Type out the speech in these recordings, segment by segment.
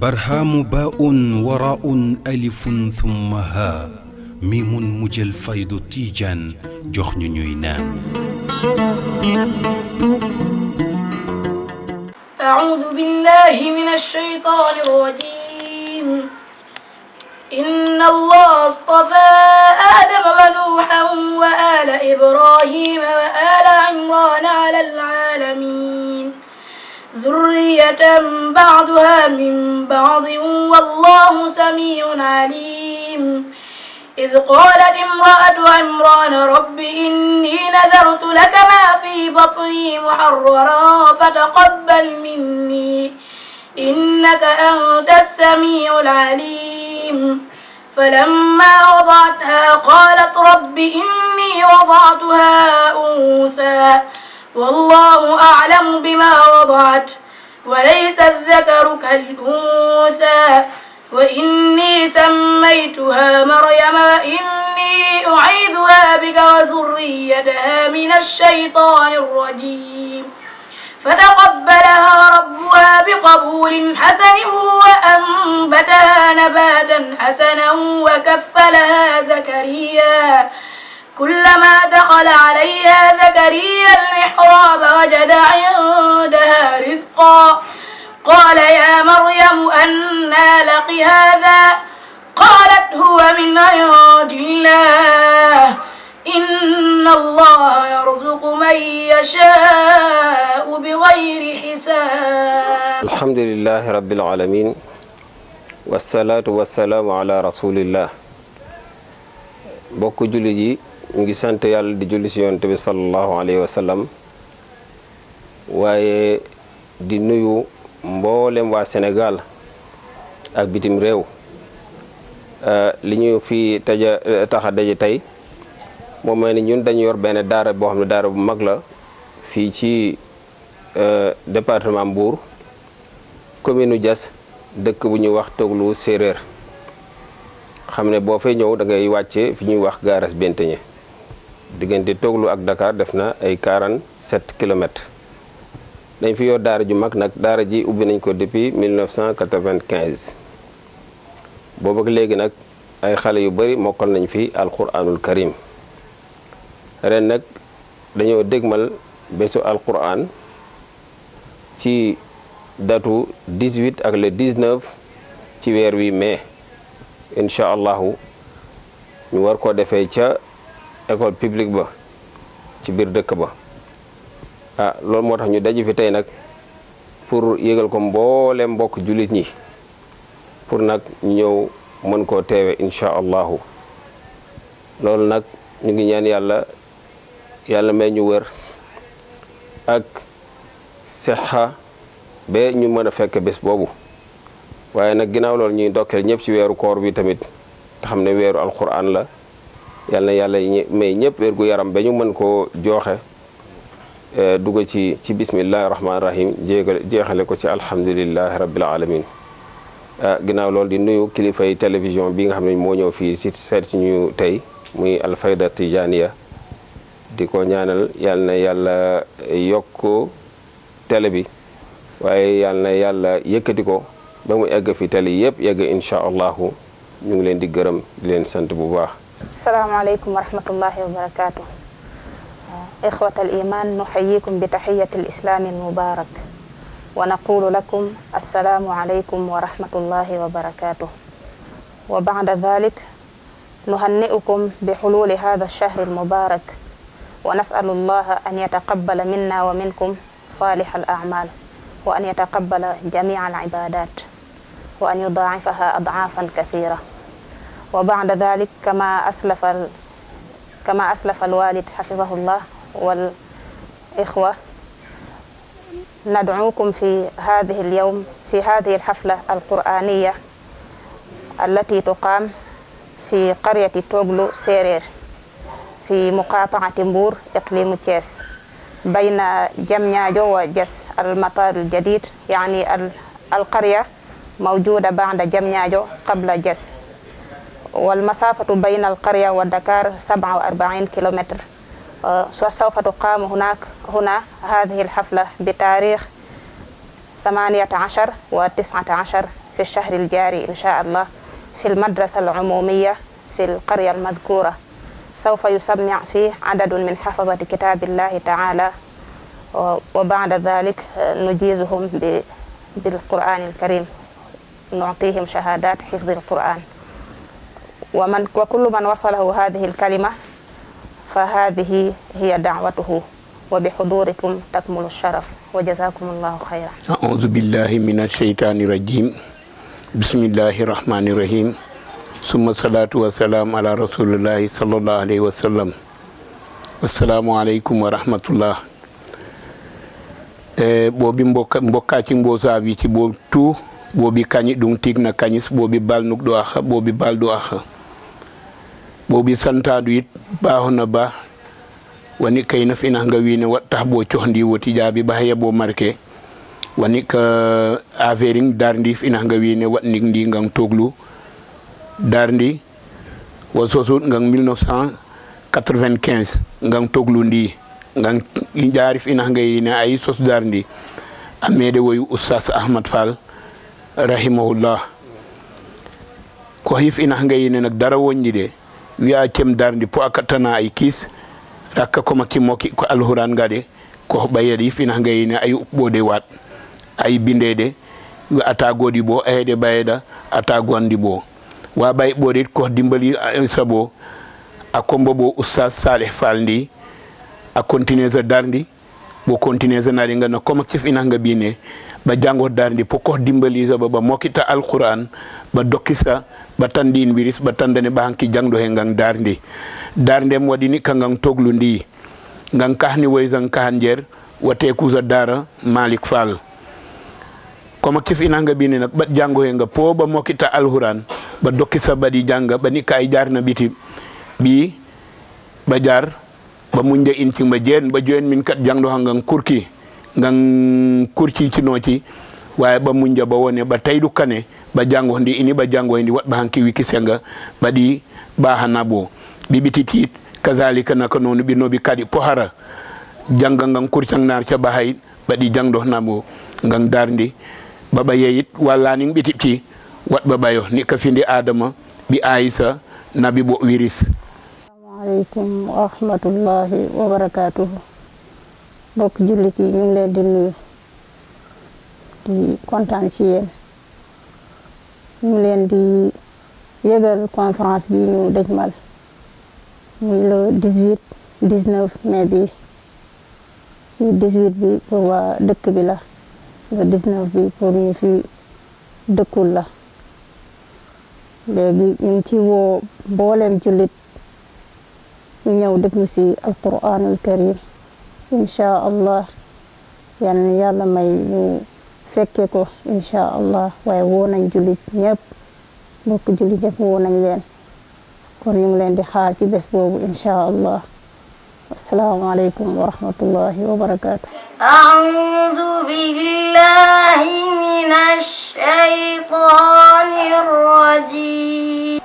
برهام باء وراء ألف ثم ها ميم مجل فيض تيجان جخن نينان أعوذ بالله من الشيطان الرجيم إن الله اصطفى آدم ونوحا وآل إبراهيم وآل عمران على آية بعضها من بعض والله سميع عليم إذ قالت امرأة عمران رب إني نذرت لك ما في بطني محررا فتقبل مني إنك أنت السميع العليم فلما وضعتها قالت رب إني وضعتها أنثى والله أعلم بما وضعت وليس الذكر كالأنثى وإني سميتها مريم وإني أعيذها بك وذريتها من الشيطان الرجيم فتقبلها ربها بقبول حسن وأنبتها نباتا حسنا وكفلها زكريا كلما دخل عليها زكريا المحراب وجد عندها رزقا قال يا مريم أنى لق هذا قالت هو من عند الله إن الله يرزق من يشاء بغير حساب الحمد لله رب العالمين والصلاة والسلام على رسول الله بوكو جولي ji ngi sant yàlla di julli si yonent bi sallallahu alayhi wa mbollem wa Senegal ak bitim réew euh, li fi taja euh, taxa dajé tay mo moom ni ñun dañu yor ben daara bo xamni daara bu mag la fii ci euh, département Mbour commune dias dekk bu ñu wax Toglu serreur xamne bo fay ñew da ngay wàcce fi ñuy wax garas benteñe digënté Toglu ak Dakar defna ay 47 kilomètres dañ fi yor daara ju mag nak daara ji ubbi nañ ko depuis 1995 bobu ak léegi nak ay xalé yu bari mokal nañ fi alquranul karim ren nak dañu degmal besu alquran ci datu 18 ak le 19 ci wèr wi mai incha allahu ñu war ko defee ca école publique ba ci bir dëkk ba ah loolu moo tax ñu daje fi tey nag pour yégal ko mboole mbokk jullit ñi pour nag ñu ñëw mën koo teewe incha allahu loolu nag ñu ngi ñaan yàlla yàlla may ñu wër ak sexa ba ñu mën a fekk bés boobu waaye nag ginnaaw loolu ñuy ndokkeel ñëpp ci weeru koor bi tamit te xam ne weeru alquran la yàlla na yàlla may ñëpp wér yaram ba ñu mën koo jooxe dugg ci ci bismillahi rahmaani rahim jéegal jeexale ko ci alhamdulilahi rabbil alamin ah, ginnaaw loolu di nuyu kilifay télévision bi nga xam ne moo ñëw fii si seet si ñu tey muy alfayda tijaniya di ko ñaanal yal na yàlla yokk télé bi waaye yal na yàlla yëkkati ko ba mu egg fi télé yëpp yegg incha allahu ñu ngi leen di gërëm leen sant bu baax. إخوة الإيمان نحييكم بتحية الإسلام المبارك ونقول لكم السلام عليكم ورحمة الله وبركاته وبعد ذلك نهنئكم بحلول هذا الشهر المبارك ونسأل الله أن يتقبل منا ومنكم صالح الأعمال وأن يتقبل جميع العبادات وأن يضاعفها أضعافا كثيرة وبعد ذلك كما أسلف كما أسلف الوالد حفظه الله والإخوة ندعوكم في هذه اليوم في هذه الحفلة القرآنية التي تقام في قرية توغلو سيرير في مقاطعة مبور إقليم تيس بين جو وجس المطار الجديد يعني القرية موجودة بعد جو قبل جس والمسافة بين القرية والدكار 47 كيلومتر وسوف آه، تقام هناك هنا هذه الحفلة بتاريخ 18 و19 في الشهر الجاري إن شاء الله في المدرسة العمومية في القرية المذكورة سوف يسمع فيه عدد من حفظة كتاب الله تعالى وبعد ذلك آه، نجيزهم بالقرآن الكريم نعطيهم شهادات حفظ القرآن wa man wa kullu man wasalahu hadihi alkalima fa hadihi hiya daawatuhu wa bi xudurikum takmulu sharaf wa jazakum allahu xayra aoudu billahi min alsheytaani rajim bismillahi rahmani rahim summa salaatu wasalaam ala rasulillahi salallahu alayhi wa sallam assalaamu aleykum wa rahmatullah ɓooɓi e, mbokka mbokkaaki mbosaabi ci ɓoo tout ɓooɓi kañi ɗum tigna kañis ɓooɓi balnuk ɗo aha ɓooɓi balɗo aha boobu santaadu it baaxoon na ba wani kay na fina nga wiine wattax bo coxndi woti jaabi ba haya bo marqué wani ka euh, affaire ing darndi nga wiine watnik ndi ngang toglu darndi wo sosut ngang 1995 ngang toglu ndi ngang i jaari fina nga wiine ay sos darndi a meede woyu oustas ahmad fall rahimahullah ko hif ina nga wiine nag dara wonji de wiya kem darndi po a kattana ay kiis rakka koma kimmoki ko alhuran gade ko ɓayeɗe fina gayine ay uɓɓode waat ay bindede wi godi bo aheɗe bayeda ata gondi bo wa ɓay ɓode ko dimbali eh, sabo a kombo bo oustad saleh fal ndi a continue so dardi bo continue so naɗi ngana koma ina nga bine ɓe janngo darndi poko dimbalisa ba ɓe mokkita alquran ɓe dokkisa ɓe tanndi in wiris ɓe tandani ɓe hanki jangɗo he ngan darndi darndem waɗini ka ngan toglu ndi ngan kahni waysan kahanjer wate kusa dara malik fall komo kifinanga ɓini nak ɓaɗ janngo he nga po ba mokkita alquran ba dokkisa ɓaɗi jannga ɓani ka e jarna biti bi ba jar ɓe muñde in cimɓe jeen ɓe joyen min kat jangɗo ha ngan kurki ngan kurcicinoci wawi ɓa munja ɓa wone ɓa tayɗu kane ɓa jango ndi ini ɓa jango ndi waɗɓa hanki wiki senga ɓaɗi ɓa hana bo ɓiɓititit ka naka noon ɓinoɓi kadi pohara jangga ngan kurcangnar caɓa hay ɓaɗi jangdohnamo ngan dardi ɓaɓa yeyit wallanin ɓitiɓti waɗɓa ɓayo ni kafindi adama ɓi aissa nabi bo wiris assalamu aleykum wa rahmatullahi wa barakatuhu bokk jullit yi ñu ngi leen di nuyu di kontaan ci yéen di yëgal conférence bi ñu dëjmal muy le 18 19 mai bi le 18 bi pour waa dëkk bi la le 19 bi pour ñu fi dëkkul la léegi ñu ngi ci woo mbooleem jullit ñu ñëw déglu si alquranul karim إن شاء الله يعني يلا ما يفككوا إن شاء الله ويغونا جلد نيب بوك جلد نيب وغونا لين كون يملين دي بس بوب إن شاء الله السلام عليكم ورحمة الله وبركاته أعوذ بالله من الشيطان الرجيم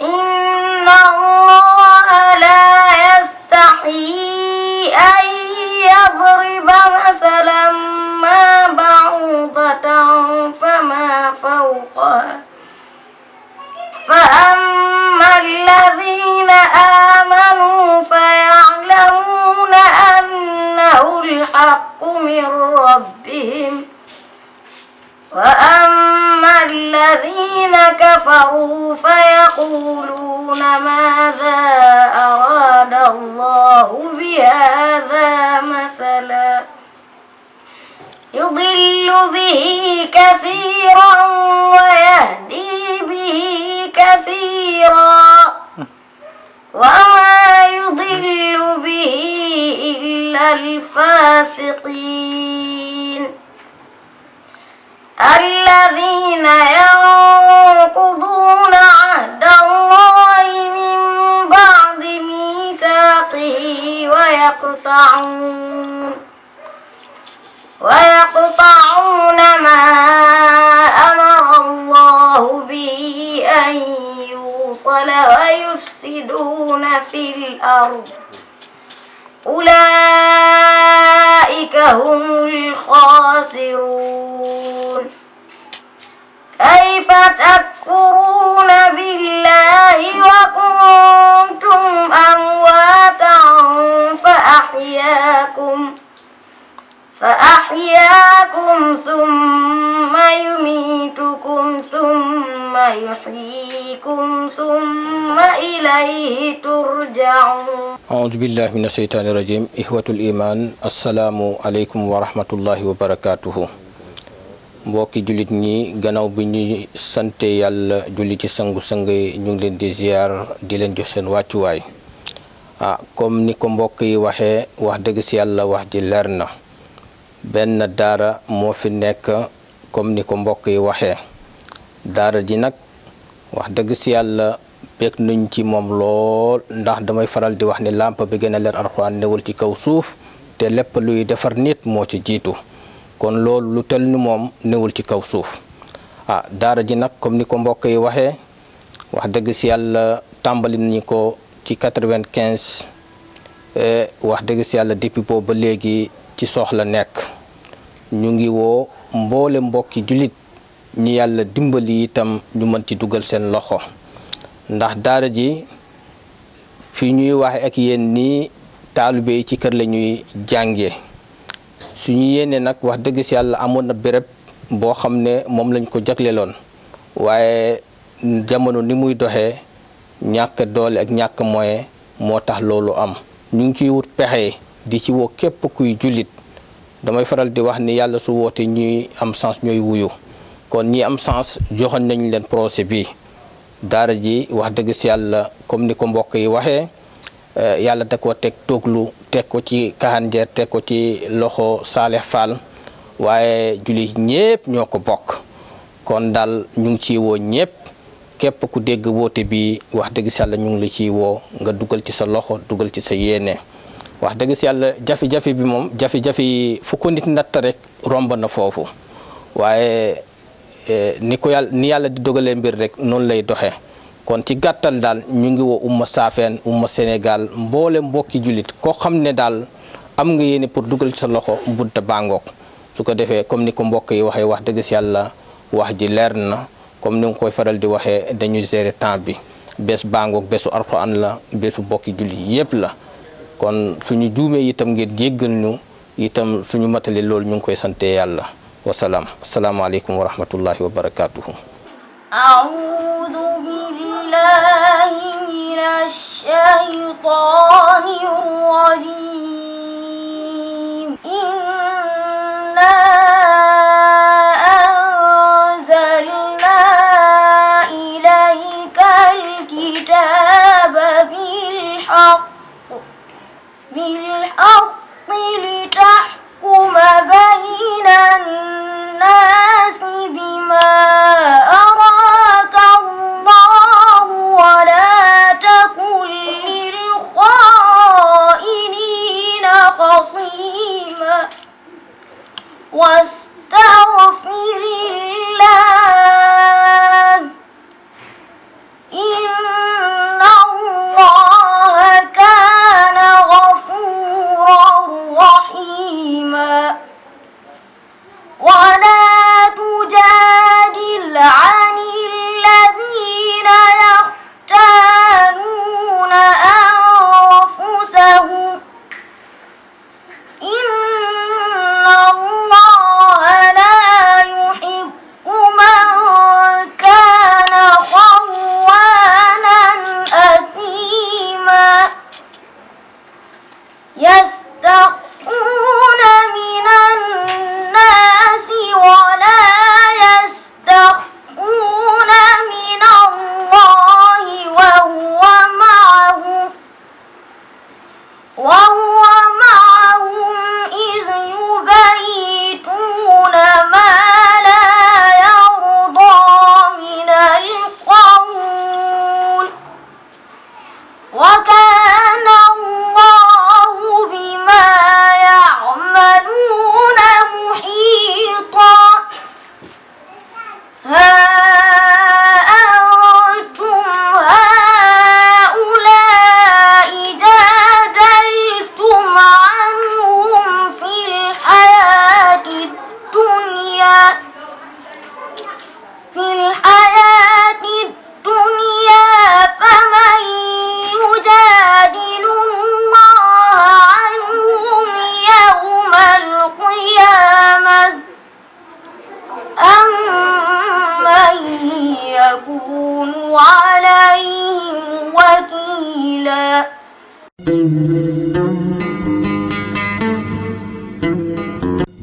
إن الله لا تضرب مثلا ما بعوضة فما فوقها فأما الذين آمنوا فيعلمون أنه الحق من ربهم وأما الذين كفروا فيقولون ماذا أراد الله بهذا مثلا يضل به كثيرا ويهدي ويقطعون ما أمر الله به أن يوصل ويفسدون في الأرض أولئك هم الخاسرون كيف تكفرون بالله و فأحياكم فأحياكم ثم يميتكم ثم يحييكم ثم إليه ترجعون أعوذ بالله من الشيطان الرجيم إخوة الإيمان السلام عليكم ورحمة الله وبركاته mbokki jullit ñi gannaaw bi ñuy sante yàlla julli ci sangu-sang ñu ngi leen di ziar di leen jox seen wàccuwaay ah comme ni ko mbokk yi waxee wax dëgg si yàlla wax ji leer na benn daara moo fi nekk comme ni ko mbokk yi waxee daara ji nag wax dëgg si yàlla bég nuñ ci moom lool ndax damay faral di wax ni làmp bi gën a leer alxuraan newul ci kaw suuf te lépp luy defar nit moo ci jiitu kon loolu lu tel ni moom newul ci kaw suuf ah daara ji nag comme ni ko mbokk yi waxee wax dëgg si yàlla tàmbali nañu ko ci 95 eh, wax dëgg si yàlla depuis boobu ba léegi ci soxla nekk ñu ngi woo mboole mbokki jullit ñi yàlla dimbali itam ñu mën ci dugal seen loxo ndax daara ji fi ñuy waxe ak yéen nii taalibe yi ci kër la ñuy jàngee suñu yéenee nag wax dëgg si yàlla amoon na béréb boo xam ne moom lañ ko jagleeloon waaye jamono ni muy doxee ñàkk doole ak ñàkk moyen moo tax loolu am ñu ngi ciy wut pexe di ci woo képp kuy jullit damay faral di wax ni yàlla su wootee ñuy am sens ñooy wuyu kon ñi am sens joxoon nañ leen projet bi daara ji wax dëgg si yàlla comme ni ko mbokk yi waxee eh, yàlla da ko teg tooglu teg ko ci kaxanjeer teg ko ci loxo Saleh Fall waaye jullit ñépp ñoo ko bokk kon daal ñu ngi ciy woo ñépp képp ku dégg woote bi wax dëgg si yàlla ñu ngi la ciy woo nga dugal ci sa loxo dugal ci sa yéene wax dëgg si yàlla jafe-jafe bi moom jafe-jafe yi fu ko nit natt rek romb na foofu waaye e, ni ko yàlla ni yàlla di dogalee mbir rek noonu lay doxee kon ci gàttal daal ñu ngi woo umma saafeen umma Senegal, mboole mbokki julit koham xam ne daal am nga yéene pour dugal ci sa loxo bunta bàngoog su ko defee comme ni ko mbokk yi waxee wax dëgg si wax ji leer na comme ni nga koy faral di waxee dañuy gérer temps bi bés bàngoog bésu alxuraan la bésu bokki julli yépp la kon suñu juumee itam ngeen jéggal ñu itam suñu matale loolu ñu ngi koy sante yàlla wasalaam asalaamaaleykum wa rahmatullahi wa barakaatuhu أعوذ بالله من الشيطان الرجيم إِنَّا